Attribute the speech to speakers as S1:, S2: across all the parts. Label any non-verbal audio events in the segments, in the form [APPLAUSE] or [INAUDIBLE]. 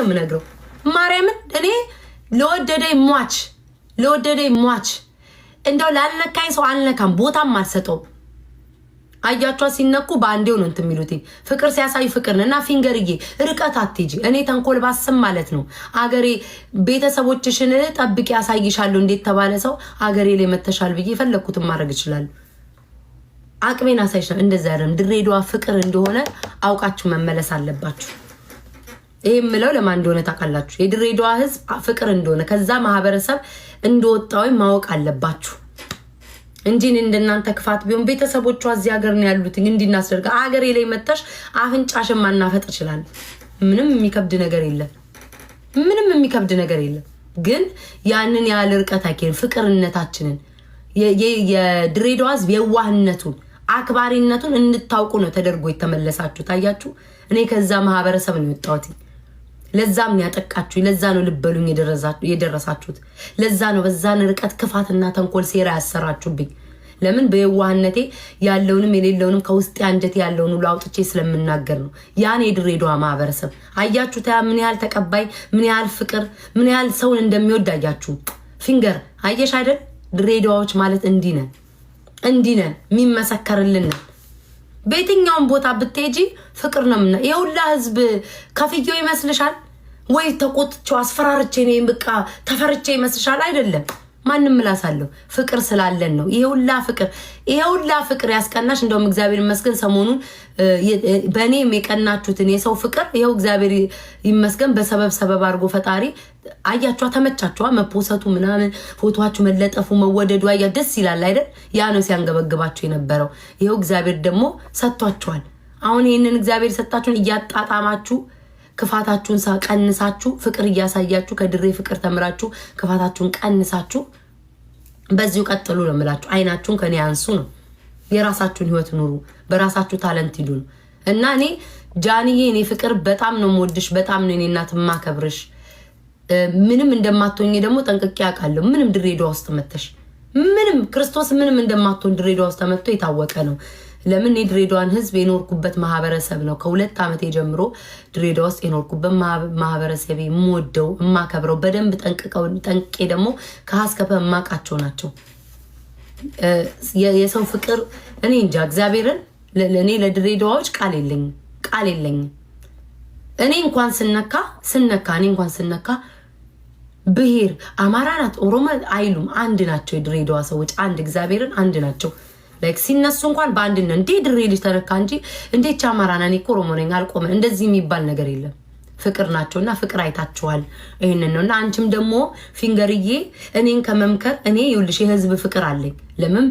S1: ነው የምነግረው። ማርያምን እኔ ለወደደኝ ሟች ለወደደኝ ሟች እንደው ላልነካኝ ሰው አልነካም፣ ቦታም አልሰጠውም። አያቿ ሲነኩ በአንዴው ነው እንትን የሚሉት። ፍቅር ሲያሳዩ ፍቅር ነው እና ፊንገርዬ ርቀት አትጂ። እኔ ተንኮል ባስም ማለት ነው አገሬ ቤተሰቦችሽን ጠብቂ ያሳይሻሉ። እንዴት ተባለ ሰው አገሬ ላይ መተሻል ብዬ የፈለግኩትን ማድረግ እችላለሁ። አቅሜን አሳይሻል። እንደዚ አይደለም። ድሬዳዋ ፍቅር እንደሆነ አውቃችሁ መመለስ አለባችሁ። ይህ የምለው ለማን እንደሆነ ታውቃላችሁ። የድሬዳዋ ህዝብ ፍቅር እንደሆነ ከዛ ማህበረሰብ እንደወጣ ወይም ማወቅ አለባችሁ እንጂ እንደናንተ ክፋት ቢሆን ቤተሰቦቿ እዚህ ሀገር ነው ያሉት። እንዲናስደርገ አገሬ ላይ መታሽ አፍንጫሽን ማናፈጥ ይችላል። ምንም የሚከብድ ነገር የለም። ምንም የሚከብድ ነገር የለም። ግን ያንን ያህል ርቀት አይኬን ፍቅርነታችንን የድሬዳዋ ህዝብ የዋህነቱን አክባሪነቱን እንድታውቁ ነው ተደርጎ የተመለሳችሁ። ታያችሁ፣ እኔ ከዛ ማህበረሰብ ነው የወጣሁት። ለዛም ነው ያጠቃችሁ። ለዛ ነው ልበሉኝ የደረሳችሁት። ለዛ ነው በዛን ርቀት ክፋትና ተንኮል ሴራ ያሰራችሁብኝ። ለምን በየዋህነቴ ያለውንም የሌለውንም ከውስጤ አንጀት ያለውን ሁሉ አውጥቼ ስለምናገር ነው። ያን የድሬዳዋ ማህበረሰብ አያችሁ፣ ታያ ምን ያህል ተቀባይ፣ ምን ያህል ፍቅር፣ ምን ያህል ሰውን እንደሚወድ አያችሁ። ፊንገር አየሽ አይደል? ድሬዳዋዎች ማለት እንዲህ ነን፣ እንዲህ ነን፣ የሚመሰከርልንን በየትኛውም ቦታ ብትሄጂ ፍቅር ነው ምና የሁላ ህዝብ ከፍየው ይመስልሻል? ወይ ተቆጥቼው አስፈራርቼ ነው በቃ ተፈርቼ ይመስሻል? አይደለም። ማንም ምላሳለሁ ፍቅር ስላለን ነው። ሁላ ፍቅር ሁላ ፍቅር ያስቀናሽ። እንደውም እግዚአብሔር ይመስገን ሰሞኑን በእኔም የቀናችሁትን የሰው ፍቅር ይኸው እግዚአብሔር ይመስገን በሰበብ ሰበብ አድርጎ ፈጣሪ አያችኋ፣ ተመቻችኋ፣ መፖሰቱ ምናምን ፎቶችሁ መለጠፉ መወደዱ አያ ደስ ይላል አይደል? ያ ነው ሲያንገበግባችሁ የነበረው። ይኸው እግዚአብሔር ደግሞ ሰጥቷችኋል። አሁን ይህንን እግዚአብሔር ሰጣችሁን እያጣጣማችሁ ክፋታችሁን ቀንሳችሁ ፍቅር እያሳያችሁ ከድሬ ፍቅር ተምራችሁ ክፋታችሁን ቀንሳችሁ በዚሁ ቀጥሉ ነው የምላችሁ። አይናችሁን ከኔ አንሱ ነው። የራሳችሁን ህይወት ኑሩ። በራሳችሁ ታለንት ሂዱ ነው እና እኔ ጃንዬ፣ እኔ ፍቅር በጣም ነው የምወድሽ፣ በጣም ነው እኔ እናት የማከብርሽ። ምንም እንደማትሆኝ ደግሞ ጠንቅቄ አውቃለሁ። ምንም ድሬዳዋ ውስጥ መተሽ ምንም ክርስቶስ ምንም እንደማትሆን ድሬዳዋ ውስጥ መጥቶ የታወቀ ነው። ለምን የድሬዳዋን ህዝብ የኖርኩበት ማህበረሰብ ነው። ከሁለት ዓመት ጀምሮ ድሬዳዋ ውስጥ የኖርኩበት ማህበረሰብ የምወደው የማከብረው በደንብ ጠንቅቄ ደግሞ ከሀስከፈ የማውቃቸው ናቸው። የሰው ፍቅር እኔ እንጃ እግዚአብሔርን እኔ ለድሬዳዋዎች ቃል የለኝ ቃል የለኝ። እኔ እንኳን ስነካ ስነካ እኔ እንኳን ስነካ ብሄር አማራ ናት ኦሮሞ አይሉም። አንድ ናቸው የድሬዳዋ ሰዎች፣ አንድ እግዚአብሔርን አንድ ናቸው። ላይክ ሲነሱ እንኳን በአንድነት እንዴ ድሬ ልጅ ተረካ እንጂ እንዴ ቻ አማራና እኔ እኮ ኦሮሞ ነኝ አልቆመ እንደዚህ የሚባል ነገር የለም። ፍቅር ናቸው እና ፍቅር አይታችኋል። ይህንን ነው እና አንቺም ደግሞ ፊንገርዬ እኔን ከመምከር እኔ ይኸውልሽ የህዝብ ፍቅር አለኝ። ለምን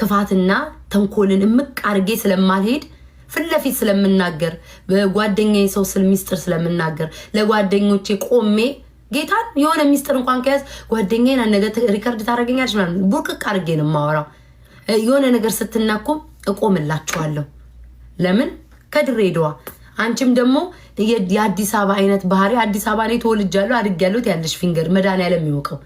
S1: ክፋትና ተንኮልን እምቅ አድርጌ ስለማልሄድ ፊት ለፊት ስለምናገር በጓደኛዬ ሰው ስል ሚስጥር ስለምናገር ለጓደኞቼ ቆሜ ጌታን የሆነ ሚስጥር እንኳን ከያዝ ጓደኛዬን ነገ ሪከርድ ታደርገኛለች ቡርቅቅ አድርጌ ነው የማወራው። የሆነ ነገር ስትናኮም እቆምላችኋለሁ። ለምን ከድሬዳዋ አንቺም ደግሞ የአዲስ አበባ አይነት ባህሪ አዲስ አበባ ላይ ተወልጃለሁ አድጌያለሁ ያለሽ ፊንገር መድኃኒዓለም የሚወቀው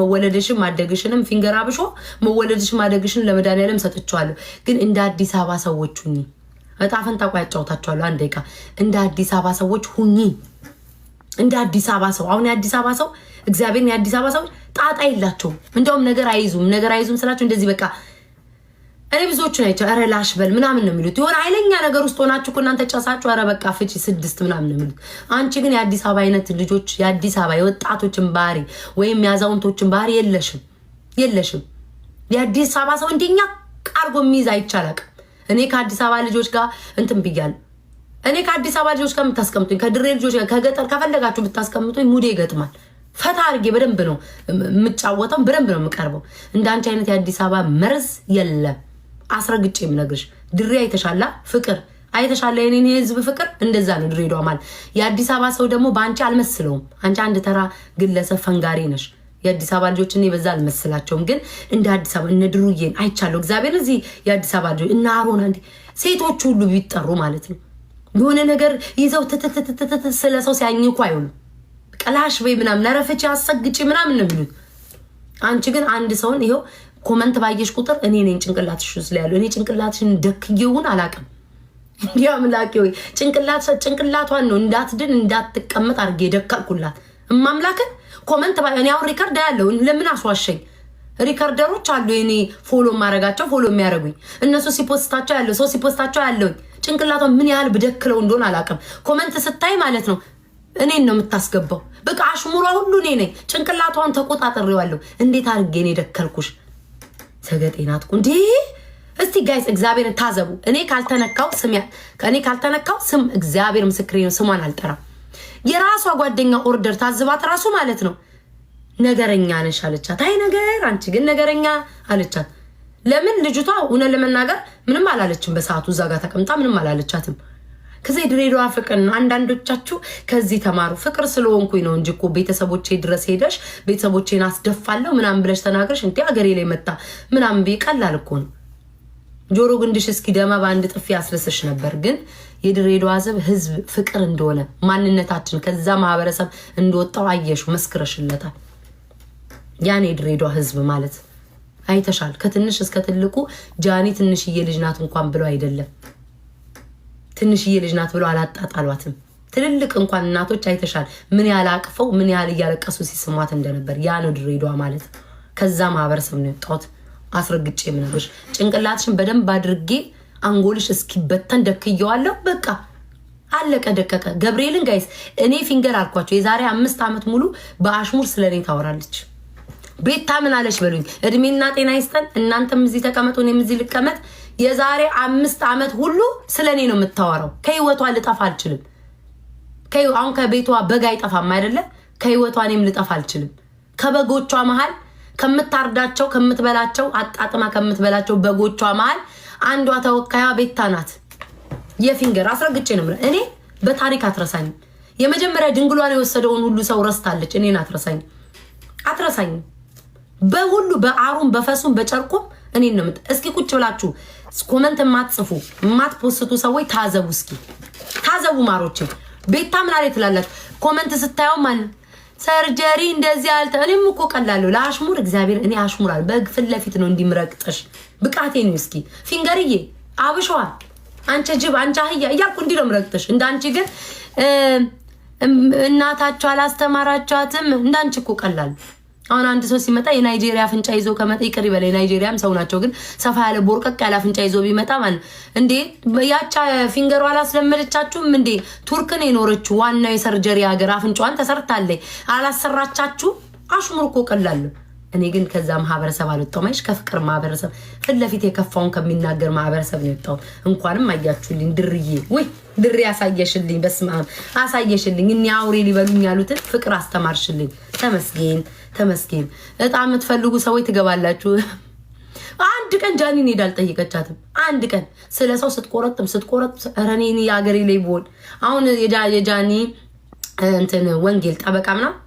S1: መወለደሽን ማደግሽንም ፊንገር አብሾ መወለደሽን ማደግሽን ለመድኃኒዓለም ሰጥቼዋለሁ። ግን እንደ አዲስ አበባ ሰዎች ሁኚ። እጣ ፈንታ ቆይ አጫውታችኋለሁ። አንድ ደቂቃ እንደ አዲስ አበባ ሰዎች ሁኚ። እንደ አዲስ አበባ ሰው አሁን የአዲስ አበባ ሰው እግዚአብሔርን የአዲስ አበባ ሰዎች ጣጣ የላቸውም። እንደውም ነገር አይዙም ነገር አይዙም ስላቸው እንደዚህ በቃ እኔ ብዙዎቹ ናቸው ረ ላሽ በል ምናምን ነው የሚሉት። የሆነ ኃይለኛ ነገር ውስጥ ሆናችሁ እናንተ ጨሳችሁ ረ በቃ ፍቺ ስድስት ምናምን ነው የሚሉት። አንቺ ግን የአዲስ አበባ አይነት ልጆች የአዲስ አበባ የወጣቶችን ባህሪ ወይም የአዛውንቶችን ባህሪ የለሽም የለሽም። የአዲስ አበባ ሰው እንደኛ ቃርጎ የሚይዝ አይቻላቅም። እኔ ከአዲስ አበባ ልጆች ጋር እንትን ብያለሁ። እኔ ከአዲስ አበባ ልጆች ጋር የምታስቀምጡኝ ከድሬ ልጆች ጋር ከገጠር ከፈለጋችሁ የምታስቀምጡኝ ሙዴ ይገጥማል። ፈታ አድርጌ በደንብ ነው የምጫወተው፣ በደንብ ነው የምቀርበው። እንደ አንቺ አይነት የአዲስ አበባ መርዝ የለም። አስረግጬ የምነግርሽ ድሬ አይተሻላ ፍቅር አይተሻለ የኔን የህዝብ ፍቅር እንደዛ ነው ድሬዳዋ ማለት። የአዲስ አበባ ሰው ደግሞ በአንቺ አልመስለውም። አንቺ አንድ ተራ ግለሰብ ፈንጋሪ ነሽ። የአዲስ አበባ ልጆች እኔ በዛ አልመስላቸውም፣ ግን እንደ አዲስ አበባ እነ ድሩዬን አይቻለሁ። እግዚአብሔር እዚህ የአዲስ አበባ ልጆች እነ አሮና እንዲ ሴቶቹ ሁሉ ቢጠሩ ማለት ነው የሆነ ነገር ይዘው ትትትትትት ስለ ሰው ሲያኝኩ አይሆኑ ቀላሽ በይ ምናምን ረፈች አሰግጭ ምናምን ነው የሚሉት። አንቺ ግን አንድ ሰውን ይኸው ኮመንት ባየሽ ቁጥር እኔ ነኝ ጭንቅላትሽ ውስጥ ላይ ያለው። እኔ ጭንቅላትሽን ደክየውን አላቅም። እንዲህ [LAUGHS] አምላኬ ወይ ጭንቅላት ጭንቅላቷን ነው እንዳትድን እንዳትቀመጥ አድርጌ ደከልኩላት። እማምላክን ኮመንት እኔ አሁን ሪከርድ ያለው ለምን አስዋሸኝ? ሪከርደሮች አሉ የኔ ፎሎ ማረጋቸው ፎሎ የሚያደርጉኝ እነሱ ሲፖስታቸው ያለው ሰው ሲፖስታቸው ያለውኝ ጭንቅላቷን ምን ያህል ብደክለው እንደሆን አላቅም። ኮመንት ስታይ ማለት ነው እኔን ነው የምታስገባው። በቃ አሽሙሯ ሁሉ እኔ ነኝ። ጭንቅላቷን ተቆጣጠሬዋለሁ። እንዴት አድርጌ እኔ ደከልኩሽ ሰገጤናት እንዴ! እስቲ ጋይስ እግዚአብሔርን ታዘቡ። እኔ ካልተነካው ስም እኔ ካልተነካው ስም እግዚአብሔር ምስክሬ ነው፣ ስሟን አልጠራም። የራሷ ጓደኛ ኦርደር ታዝባት ራሱ ማለት ነው። ነገረኛ ነሽ አለቻት። አይ ነገር አንቺ ግን ነገረኛ አለቻት። ለምን ልጅቷ እውነት ለመናገር ምንም አላለችም። በሰዓቱ እዛ ጋር ተቀምጣ ምንም አላለቻትም። ከዚ የድሬዳዋ ፍቅር ነው። አንዳንዶቻችሁ ከዚህ ተማሩ። ፍቅር ስለሆንኩኝ ነው እንጂ እኮ ቤተሰቦቼ ድረስ ሄደሽ ቤተሰቦቼን አስደፋለሁ ምናምን ብለሽ ተናግረሽ እንዲ ሀገሬ ላይ መጣ ምናምን ብዬ ቀላል እኮ ነው። ጆሮ ግንድሽ እስኪ ደማ በአንድ ጥፊ አስርስሽ ነበር። ግን የድሬዳዋ ህዝብ ፍቅር እንደሆነ ማንነታችን ከዛ ማህበረሰብ እንደወጣው አየሹ፣ መስክረሽለታል። ያን የድሬዳዋ ህዝብ ማለት አይተሻል። ከትንሽ እስከ ትልቁ ጃኒ ትንሽዬ ልጅ ናት እንኳን ብለው አይደለም ትንሽዬ ልጅ ናት ብለው አላጣጣሏትም። ትልልቅ እንኳን እናቶች አይተሻል፣ ምን ያህል አቅፈው ምን ያህል እያለቀሱ ሲስሟት እንደነበር። ያ ነው ድሬዷ ማለት። ከዛ ማህበረሰብ ነው የወጣሁት። አስረግጬ የምነግርሽ ጭንቅላትሽን በደንብ አድርጌ አንጎልሽ እስኪበተን ደክየዋለሁ። በቃ አለቀ ደቀቀ። ገብርኤልን ጋይስ እኔ ፊንገር አልኳቸው። የዛሬ አምስት ዓመት ሙሉ በአሽሙር ስለ እኔ ታወራለች። ቤታ ምን አለች በሉኝ። እድሜና ጤና ይስጠን። እናንተም እዚህ ተቀመጡ፣ እኔም እዚህ ልቀመጥ። የዛሬ አምስት ዓመት ሁሉ ስለ እኔ ነው የምታወራው። ከህይወቷ ልጠፋ አልችልም። አሁን ከቤቷ በግ አይጠፋም አይደለም? ከህይወቷ እኔም ልጠፋ አልችልም። ከበጎቿ መሀል ከምታርዳቸው ከምትበላቸው አጣጥማ ከምትበላቸው በጎቿ መሀል አንዷ ተወካያ ቤታ ናት። የፊንገር አስረግጬ ነው እኔ በታሪክ አትረሳኝም። የመጀመሪያ ድንግሏን የወሰደውን ሁሉ ሰው ረስታለች። እኔን አትረሳኝም፣ አትረሳኝም። በሁሉ በአሩም በፈሱም በጨርቁም እኔን ነው። እስኪ ቁጭ ብላችሁ ኮመንት የማትጽፉ የማትፖስቱ ሰዎች ታዘቡ፣ እስኪ ታዘቡ። ማሮችን ቤታ ምናሌ ትላላችሁ። ኮመንት ስታየው ማለት ሰርጀሪ እንደዚህ አልተ እኔም እኮ ቀላለሁ ለአሽሙር እግዚአብሔር እኔ አሽሙር አለ በግ ፊት ለፊት ነው እንዲምረቅጠሽ ብቃቴ ነው። እስኪ ፊንገርዬ አብሸዋ አንቺ ጅብ አንቺ አህያ እያልኩ እንዲህ ነው ምረቅጠሽ። እንዳንቺ ግን እናታችሁ አላስተማራችኋትም። እንዳንቺ እኮ ቀላለሁ አሁን አንድ ሰው ሲመጣ የናይጄሪያ አፍንጫ ይዞ ከመጣ ይቅር ይበለ። የናይጄሪያም ሰው ናቸው፣ ግን ሰፋ ያለ ቦርቀቅ ያለ አፍንጫ ይዞ ቢመጣ ማለት እንዴ ያቻ ፊንገሯ አላስለመደቻችሁም እንዴ? ቱርክን የኖረችው ዋናው የሰርጀሪ ሀገር አፍንጫዋን ተሰርታለ አላሰራቻችሁ። አሽሙር እኮ እኔ ግን ከዛ ማህበረሰብ አልወጣሁም። አይሽ ከፍቅር ማህበረሰብ ፊት ለፊት የከፋውን ከሚናገር ማህበረሰብ ነው የወጣሁት። እንኳንም አያችሁልኝ ድርዬ ወይ ድሬ አሳየሽልኝ። በስመ አብ አሳየሽልኝ። እኒ አውሬ ሊበሉኝ ያሉትን ፍቅር አስተማርሽልኝ። ተመስገን ተመስገን። እጣ የምትፈልጉ ሰዎች ትገባላችሁ። አንድ ቀን ጃኒን ሄዳ አልጠየቀቻትም። አንድ ቀን ስለ ሰው ስትቆረጥም ስትቆረጥ ረኔን የአገሬ ላይ ብሆን አሁን የጃኒ እንትን ወንጌል ጠበቃ ምናምን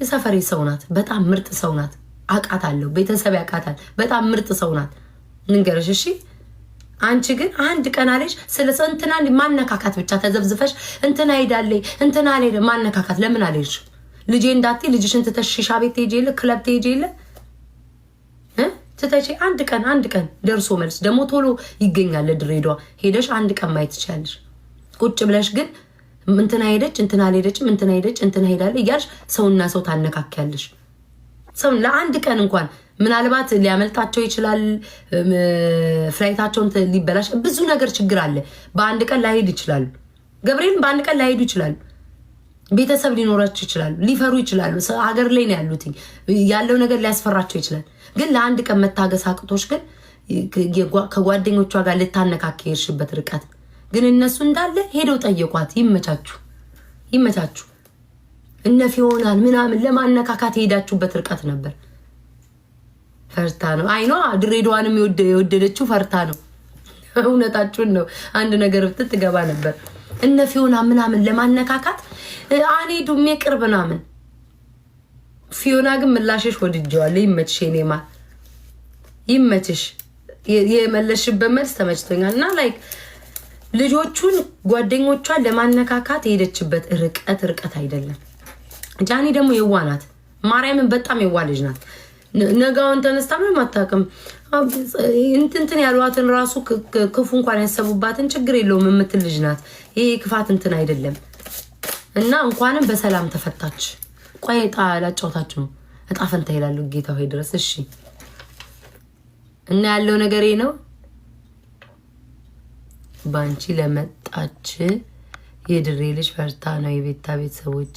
S1: የሰፈሬ ሰው ናት። በጣም ምርጥ ሰው ናት። አውቃታለሁ። ቤተሰብ ያቃታል። በጣም ምርጥ ሰው ናት። ንገረሽ እሺ አንቺ ግን አንድ ቀን አለሽ ስለ ሰው እንትና ማነካካት ብቻ ተዘብዝፈሽ እንትና ሄዳለይ እንትና ሄደ ማነካካት ለምን አለሽ? ልጄ እንዳትዪ ልጅሽን ትተሽ ሺሻ ቤት ትሄጂ የለ ክለብ ትሄጂ የለ ትተሽ አንድ ቀን አንድ ቀን ደርሶ መልስ ደግሞ ቶሎ ይገኛል። ድሬዳዋ ሄደሽ አንድ ቀን ማየት ትችላለሽ። ቁጭ ብለሽ ግን እንትና ሄደች እንትና አልሄደችም እንትና ሄደች እንትና ሄዳለ እያልሽ ሰውና ሰው ታነካኪያለሽ። ሰው ለአንድ ቀን እንኳን ምናልባት ሊያመልጣቸው ይችላል። ፍላይታቸውን ሊበላሽ ብዙ ነገር ችግር አለ። በአንድ ቀን ላይሄድ ይችላሉ። ገብርኤልም በአንድ ቀን ላይሄዱ ይችላሉ። ቤተሰብ ሊኖራቸው ይችላሉ። ሊፈሩ ይችላሉ። ሀገር ላይ ነው ያሉት። ያለው ነገር ሊያስፈራቸው ይችላል። ግን ለአንድ ቀን መታገስ አቅቶች ግን ከጓደኞቿ ጋር ልታነካከ የሄድሽበት ርቀት ግን እነሱ እንዳለ ሄደው ጠየቋት። ይመቻችሁ፣ ይመቻችሁ። እነፍ ይሆናል ምናምን ለማነካካት የሄዳችሁበት ርቀት ነበር። ፈርታ ነው። አይኗ ድሬዳዋንም የወደደችው ፈርታ ነው። እውነታችሁን ነው። አንድ ነገር ብትት ትገባ ነበር። እነፍ ይሆናል ምናምን ለማነካካት አኔ ዱሜ ቅርብ ምናምን። ፊዮና ግን ምላሽሽ ወድጀዋለሁ። ይመችሽ፣ ኔማ ይመችሽ። የመለሽበት መልስ ተመችቶኛል እና ላይክ ልጆቹን ጓደኞቿን ለማነካካት የሄደችበት ርቀት ርቀት አይደለም። ጃኒ ደግሞ የዋ ናት። ማርያምን በጣም የዋ ልጅ ናት። ነጋውን ተነስታ ምንም አታውቅም። እንትንትን ያሏትን ራሱ ክፉ እንኳን ያሰቡባትን ችግር የለውም የምትል ልጅ ናት። ይሄ ክፋት እንትን አይደለም እና እንኳንም በሰላም ተፈታች። ቆይ እጣ ላጫወታችሁ ነው። እጣ ፈንታ ይላሉ ጌታ ሆይ ድረስ። እሺ እና ያለው ነገር ነው። በአንቺ ለመጣች የድሬ ልጅ ፈርታ ነው የቤታ ቤተሰቦች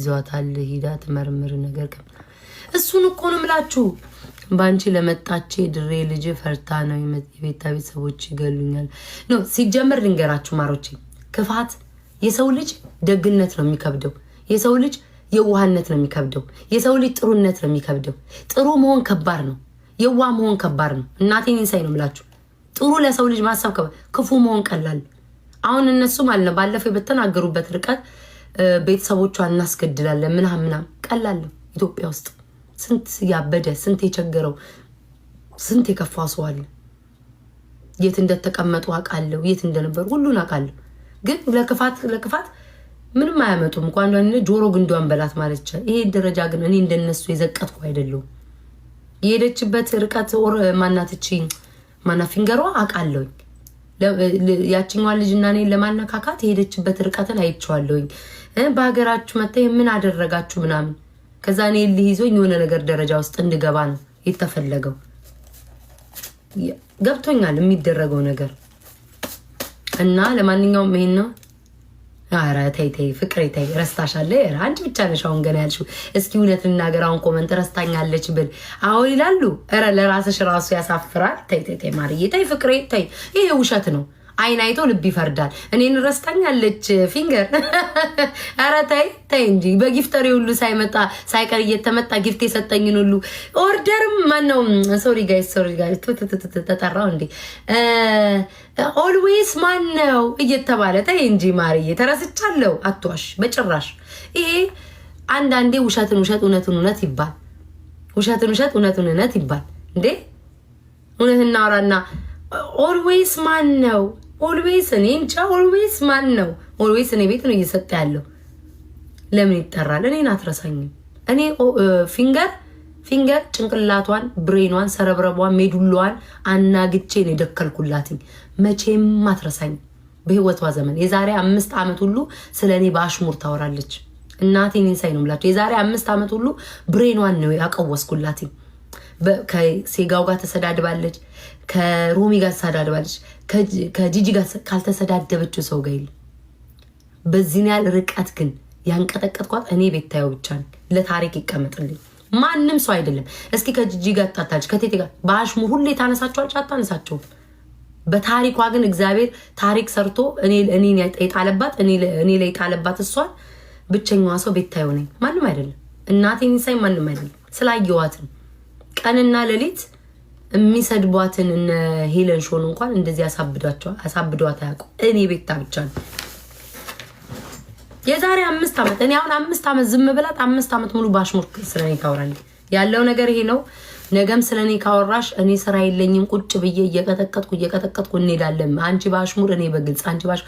S1: ይዟታል ሂዳ ትመርምር ነገር እሱን እኮ ነው ምላችሁ። በአንቺ ለመጣች ድሬ ልጅ ፈርታ ነው የቤታ ቤተሰቦች ይገሉኛል ነው። ሲጀመር ልንገራችሁ ማሮቼ፣ ክፋት የሰው ልጅ ደግነት ነው የሚከብደው። የሰው ልጅ የዋህነት ነው የሚከብደው። የሰው ልጅ ጥሩነት ነው የሚከብደው። ጥሩ መሆን ከባድ ነው። የዋ መሆን ከባድ ነው። እናቴን ይንሳይ ነው ምላችሁ። ጥሩ ለሰው ልጅ ማሰብ ከባድ፣ ክፉ መሆን ቀላል። አሁን እነሱ ማለት ነው ባለፈው በተናገሩበት ርቀት ቤተሰቦቿ እናስገድላለን ምናምን ምናምን ቀላል ኢትዮጵያ ውስጥ ስንት ያበደ ስንት የቸገረው ስንት የከፋ ሰው አለ። የት እንደተቀመጡ አውቃለሁ፣ የት እንደነበሩ ሁሉን አውቃለሁ። ግን ለክፋት ለክፋት ምንም አያመጡም። እንኳን ጆሮ ግንዷን በላት ማለት ይቻላል። ይሄ ደረጃ ግን እኔ እንደነሱ የዘቀጥኩ አይደለሁም። የሄደችበት ርቀት ማናትቺ ማና ፊንገሯ አውቃለሁኝ ያችኛዋን ልጅና እኔን ለማነካካት የሄደችበት ርቀትን አይቼዋለሁኝ። በሀገራችሁ መታ ምን አደረጋችሁ ምናምን። ከዛ እኔ ልህ የሆነ ነገር ደረጃ ውስጥ እንድገባ ነው የተፈለገው። ገብቶኛል የሚደረገው ነገር እና ለማንኛውም ይሄን ነው ኧረ ተይ ተይ ፍቅሬ ተይ ረስታሻለ። አንቺ ብቻ ነሽ አሁን ገና ያልሽው። እስኪ እውነት ልናገር አሁን ኮመንት ረስታኛለች ብል አሁን ይላሉ። ኧረ ለራስሽ ራሱ ያሳፍራል። ተይ ተይ ተይ ማርዬ ተይ ፍቅሬ ተይ። ይሄ ውሸት ነው። አይን አይቶ ልብ ይፈርዳል። እኔን ረስታኛለች ፊንገር። ኧረ [LAUGHS] ተይ ተይ እንጂ በጊፍተሪ ሁሉ ሳይመጣ ሳይቀር እየተመጣ ጊፍት የሰጠኝን ሁሉ ኦርደርም ማነው? ሶሪ ጋይ ሶሪ ጋይ ተጠራው እንዴ ኦልዌይስ ማነው እየተባለ ተይ እንጂ ማርዬ፣ ተረስቻለሁ። አትዋሽ በጭራሽ። ይሄ አንዳንዴ ውሸትን ውሸት እውነትን እውነት ይባል ውሸትን ውሸት እውነትን እውነት ይባል እንዴ እውነት እናውራና ኦልዌይስ ማን ነው ኦልዌይስ እኔ እንጃ ኦልዌይስ ማን ነው ኦልዌይስ እኔ ቤት ነው እየሰጠ ያለው ለምን ይጠራል እኔን አትረሳኝም እኔ ፊንገር ፊንገር ጭንቅላቷን ብሬኗን ሰረብረቧን ሜዱላዋን አናግቼ ነው የደከልኩላትኝ መቼም አትረሳኝ በህይወቷ ዘመን የዛሬ አምስት ዓመት ሁሉ ስለ እኔ በአሽሙር ታወራለች እናቴ እኔን ሳይ ነው ምላቸው የዛሬ አምስት ዓመት ሁሉ ብሬኗን ነው ያቀወስኩላትኝ ከሴጋው ጋር ተሰዳድባለች ከሮሚ ጋር ተሳዳድባለች፣ ከጂጂ ጋር ካልተሰዳደበችው ሰው ጋር የለም። በዚህን ያህል ርቀት ግን ያንቀጠቀጥኳት እኔ ቤታየው ብቻ ለታሪክ ይቀመጥልኝ። ማንም ሰው አይደለም። እስኪ ከጂጂ ጋር ታታች ከቴቴ ጋር በአሽሙር ሁሌ ታነሳቸዋለች። አታነሳቸውም። በታሪኳ ግን እግዚአብሔር ታሪክ ሰርቶ እኔን የጣለባት እኔ ላይ የጣለባት እሷን ብቸኛዋ ሰው ቤታየው ነኝ። ማንም አይደለም። እናቴን ሳይ ማንም አይደለም። ስላየዋትም ቀንና ሌሊት የሚሰድቧትን እነ ሄለን ሾን እንኳን እንደዚህ ያሳብዷቸዋል። አሳብዷት አያውቁም። እኔ ቤታ ብቻ ነው የዛሬ አምስት ዓመት እኔ አሁን አምስት ዓመት ዝም ብላት አምስት ዓመት ሙሉ ባሽሙር ስለኔ ካወራል ያለው ነገር ይሄ ነው። ነገም ስለኔ ካወራሽ እኔ ስራ የለኝም ቁጭ ብዬ እየቀጠቀጥኩ እየቀጠቀጥኩ እንሄዳለን። አንቺ ባሽሙር እኔ በግልጽ አንቺ ባሽ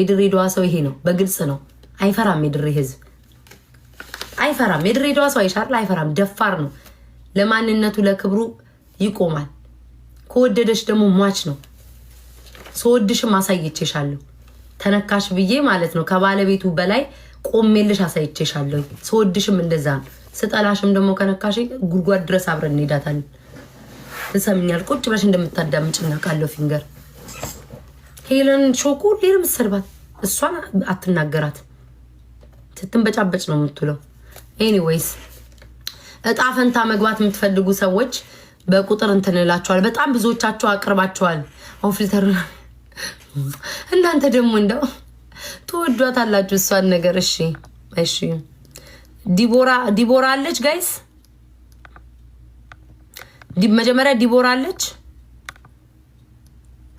S1: የድሬዳዋ ሰው ይሄ ነው፣ በግልጽ ነው። አይፈራም፣ የድሬ ህዝብ አይፈራም። የድሬዳዋ ሰው አይሻርል አይፈራም፣ ደፋር ነው። ለማንነቱ ለክብሩ ይቆማል። ከወደደች ደግሞ ሟች ነው። ሰወድሽም አሳይቼሻለሁ። ተነካሽ ብዬ ማለት ነው። ከባለቤቱ በላይ ቆሜልሽ አሳይቼሻለሁ። ሰወድሽም እንደዛ ነው። ስጠላሽም ደግሞ ከነካሽ ጉድጓድ ድረስ አብረን እንሄዳታለን። ትሰምኛል። ቁጭ ብለሽ እንደምታዳምጭ እናውቃለሁ። ፊንገር ሄለን ሾኩ ሌላ ምሰርባት እሷን አትናገራት። ስትንበጫበጭ ነው የምትውለው። ኤኒዌይስ እጣ ፈንታ መግባት የምትፈልጉ ሰዎች በቁጥር እንትንላቸዋል በጣም ብዙዎቻቸው አቅርባቸዋል። አሁን እናንተ ደግሞ እንደው ትወዷታላችሁ እሷን ነገር። እሺ እሺ፣ ዲቦራ አለች ጋይስ፣ መጀመሪያ ዲቦራ አለች።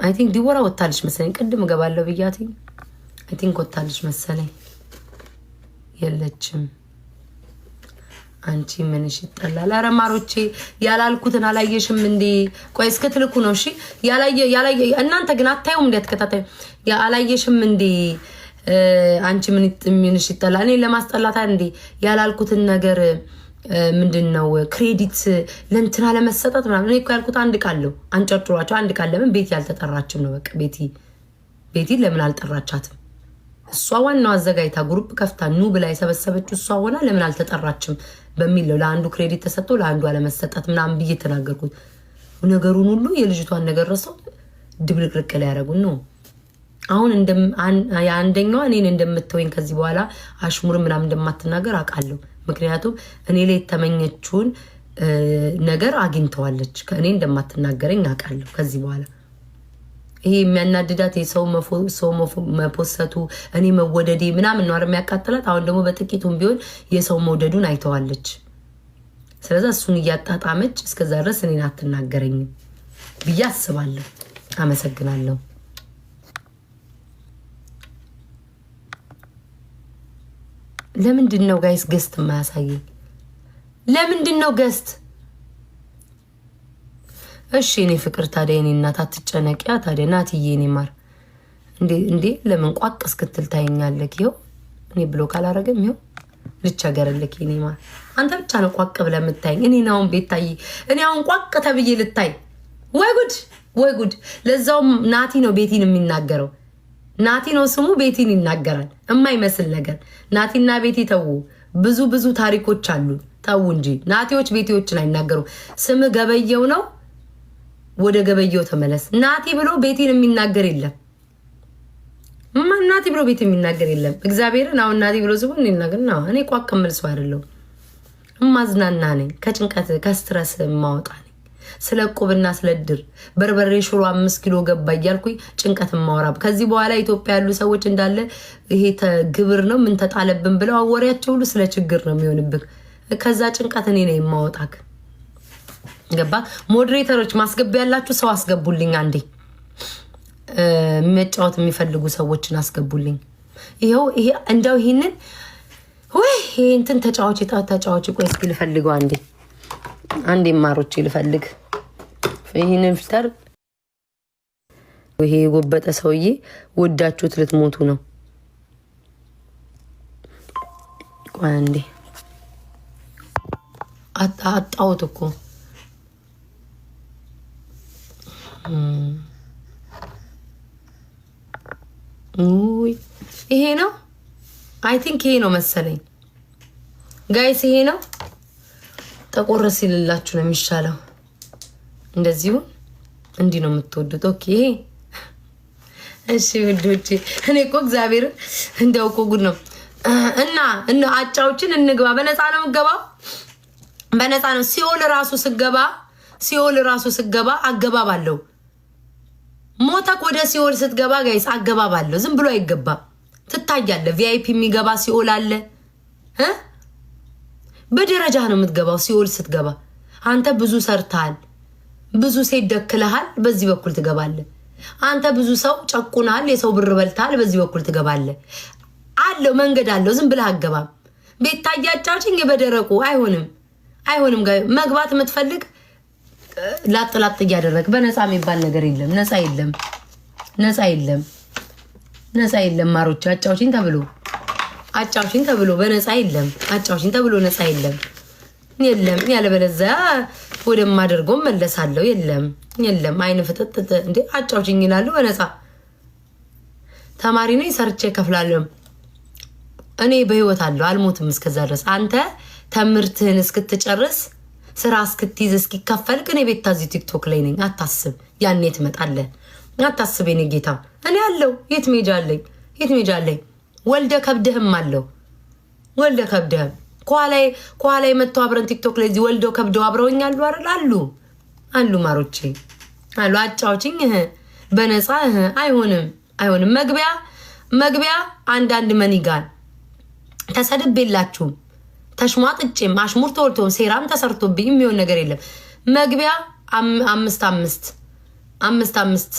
S1: አይ ቲንክ ዲቦራ ወታለች መሰለኝ። ቅድም እገባለሁ ብያት አይ ቲንክ ወታለች መሰለኝ። የለችም አንቺ ምንሽ ይጠላል? ኧረ ማሮቼ ያላልኩትን አላየሽም እንዴ? ቆይ እስክትልኩ ነው። እሺ ያላየ እናንተ ግን አታዩም እንዴ? አትከታታዩ አላየሽም እንዴ? አንቺ ምንሽ ይጠላል? እኔ ለማስጠላታ እንዴ? ያላልኩትን ነገር ምንድን ነው ክሬዲት ለእንትና ለመሰጠት ምናምን። እኔ እኮ ያልኩት አንድ ቃል ነው። አንጨርጭሯቸው አንድ ቃል ለምን ቤቲ ያልተጠራችም ነው። በቃ ቤቲ ቤቲ ለምን አልጠራቻትም? እሷ ዋናው አዘጋጅታ ግሩፕ ከፍታ ኑ ብላ የሰበሰበችው እሷ ሆና ለምን አልተጠራችም? በሚል ነው ለአንዱ ክሬዲት ተሰጥቶ ለአንዱ አለመሰጠት ምናምን ብዬ ተናገርኩት። ነገሩን ሁሉ የልጅቷን ነገር ረሰው ድብልቅልቅ ያደረጉን ነው። አሁን የአንደኛዋ እኔን እንደምትወኝ ከዚህ በኋላ አሽሙር ምናምን እንደማትናገር አውቃለሁ። ምክንያቱም እኔ ላይ የተመኘችውን ነገር አግኝተዋለች። ከእኔ እንደማትናገረኝ አውቃለሁ ከዚህ በኋላ ይሄ የሚያናድዳት የሰው ሰው መፖሰቱ እኔ መወደዴ ምናምን ነው የሚያቃጥላት። አሁን ደግሞ በጥቂቱም ቢሆን የሰው መውደዱን አይተዋለች። ስለዛ እሱን እያጣጣመች እስከዛ ድረስ እኔን አትናገረኝም ብዬ አስባለሁ። አመሰግናለሁ። ለምንድን ነው ጋይስ ገስት የማያሳየኝ? ለምንድን ነው ገስት እሺ እኔ ፍቅር ታዲያ የኔ እናት አትጨነቂያ። ታዲያ ናትዬ እኔ ማር እንዴ ለምን ቋቅ እስክትል ታይኛለክ? ይኸው እኔ ብሎ ካላረገም ይኸው ልቸገርልክ የኔ ማር። አንተ ብቻ ነው ቋቅ ብለህ የምታይኝ። እኔን አሁን ታይ እኔ አሁን ቋቅ ተብዬ ልታይ? ወይ ጉድ ወይ ጉድ! ለዛውም ናቲ ነው ቤቲን የሚናገረው። ናቲ ነው ስሙ፣ ቤቲን ይናገራል። የማይመስል ነገር። ናቲና ቤቲ ተዉ፣ ብዙ ብዙ ታሪኮች አሉ። ተዉ እንጂ ናቲዎች ቤቲዎችን አይናገሩም። ስም ገበየው ነው ወደ ገበየው ተመለስ። ናቲ ብሎ ቤቴን የሚናገር የለም። ናቲ ብሎ ቤት የሚናገር የለም። እግዚአብሔርን አሁን ናቲ ብሎ ዝቡ እናገር ና እኔ ቋ ምል ሰው እማዝናና ነኝ። ከጭንቀት ከስትረስ ማወጣ ነኝ። ስለ ቁብና ስለ ድር በርበሬ ሽሮ አምስት ኪሎ ገባ እያልኩኝ ጭንቀት ማወራ። ከዚህ በኋላ ኢትዮጵያ ያሉ ሰዎች እንዳለ ይሄ ግብር ነው ምን ተጣለብን ብለው አወሪያቸው ሁሉ ስለ ችግር ነው የሚሆንብህ። ከዛ ጭንቀት እኔ ነው የማወጣክ ገባ። ሞዴሬተሮች ማስገብ ያላችሁ ሰው አስገቡልኝ። አንዴ መጫወት የሚፈልጉ ሰዎችን አስገቡልኝ። ይኸው ይሄ እንደው ይህንን ወይ ይሄ እንትን ተጫዋች የጣት ተጫዋች ቆይ እስኪ ልፈልገው አንዴ አንዴ ማሮች ልፈልግ ይህንን ፊልተር ይሄ የጎበጠ ሰውዬ ወዳችሁት ልትሞቱ ነው። ቆይ አንዴ አጣሁት እኮ ይሄ ነው። አይ ቲንክ ይሄ ነው መሰለኝ ጋይስ፣ ይሄ ነው። ጠቆረ ሲልላችሁ ነው የሚሻለው። እንደዚሁ እንዲህ ነው የምትወዱት። ኦኬ እሺ ውዶች እኔ እኮ እግዚአብሔር እንደው ጉድ ነው። እና አጫዎችን እንግባ። በነፃ ነው ምገባው በነፃ ነው። ሲኦል ራሱ ስገባ ሲኦል ራሱ ስገባ አገባብ አለው። ሞተክ ወደ ሲኦል ስትገባ ጋይስ አገባብ አለው። ዝም ብሎ አይገባም። ትታያለ። ቪአይፒ የሚገባ ሲኦል አለ። በደረጃ ነው የምትገባው። ሲኦል ስትገባ አንተ ብዙ ሰርተሃል፣ ብዙ ሴት ደክለሃል፣ በዚህ በኩል ትገባለ። አንተ ብዙ ሰው ጨቁናል፣ የሰው ብር በልተሃል፣ በዚህ በኩል ትገባለ። አለው መንገድ አለው። ዝም ብለህ አገባም። ቤት ታያጫችን በደረቁ አይሆንም፣ አይሆንም። መግባት የምትፈልግ ላጥ ላጥ እያደረግ በነፃ የሚባል ነገር የለም። ነፃ የለም። ነፃ የለም። ነፃ የለም። ማሮች አጫውሽኝ ተብሎ አጫውሽኝ ተብሎ በነፃ የለም። አጫውሽኝ ተብሎ ነፃ የለም። የለም። ያለበለዚያ ወደማደርገው መለሳለሁ። የለም የለም። አይን ፍጥጥጥ እንዴ አጫውሽኝ ይላሉ በነፃ ተማሪ ነኝ ሰርቼ ከፍላለሁ። እኔ በህይወት አለሁ አልሞትም። እስከዛ ድረስ አንተ ትምህርትህን እስክትጨርስ ስራ እስክትይዝ እስኪከፈልክ እኔ ቤታ እዚህ ቲክቶክ ላይ ነኝ። አታስብ፣ ያኔ ትመጣለህ። አታስብ የኔ ጌታ፣ እኔ አለው። የት ሜጃ አለኝ፣ የት ሜጃ አለኝ። ወልደ ከብደህም አለው፣ ወልደ ከብደህም ከኋላይ ከኋላይ መጥተው አብረን ቲክቶክ ላይ እዚህ ወልደው ከብደው አብረውኝ አሉ አይደል? አሉ አሉ፣ ማሮቼ አሉ። አጫዎችኝ በነፃ አይሆንም፣ አይሆንም። መግቢያ መግቢያ አንዳንድ መኒጋን ተሰድቤላችሁም ተሽሟጥጬም አሽሙር ተወልቶም ሴራም ተሰርቶብኝ የሚሆን ነገር የለም። መግቢያ አምስት አምስት አምስት አምስት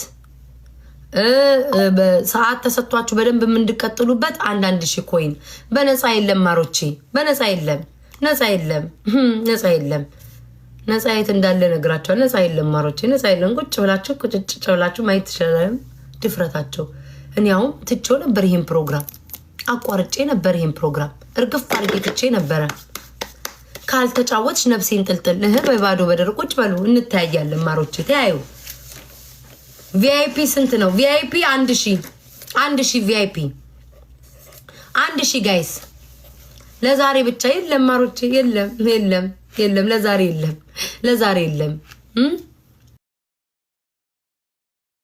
S1: ሰዓት ተሰጥቷችሁ በደንብ የምንድቀጥሉበት አንዳንድ ሺ ኮይን በነፃ የለም። ማሮቼ በነፃ የለም፣ ነፃ የለም፣ ነፃ የለም። ነፃ የት እንዳለ ነግራቸዋል። ነፃ የለም ማሮቼ፣ ነፃ የለም። ቁጭ ብላችሁ ቁጭጭጭ ብላችሁ ማየት ትችላለም። ድፍረታቸው እኔ አሁን ትቼው ነበር ይህን ፕሮግራም አቋርጬ ነበር ይህን ፕሮግራም እርግፍ አድርጌ ትቼ ነበረ። ካልተጫወትሽ ነፍሴን ጥልጥል እህ በባዶ በደር ቁጭ በሉ እንተያያለን። ማሮቼ ተያዩ። ቪአይፒ ስንት ነው? ቪአይፒ አንድ ሺ አንድ ሺ ቪአይፒ አንድ ሺ ጋይስ ለዛሬ ብቻ የለም። ማሮቼ የለም፣ የለም፣ የለም። ለዛሬ የለም፣ ለዛሬ የለም።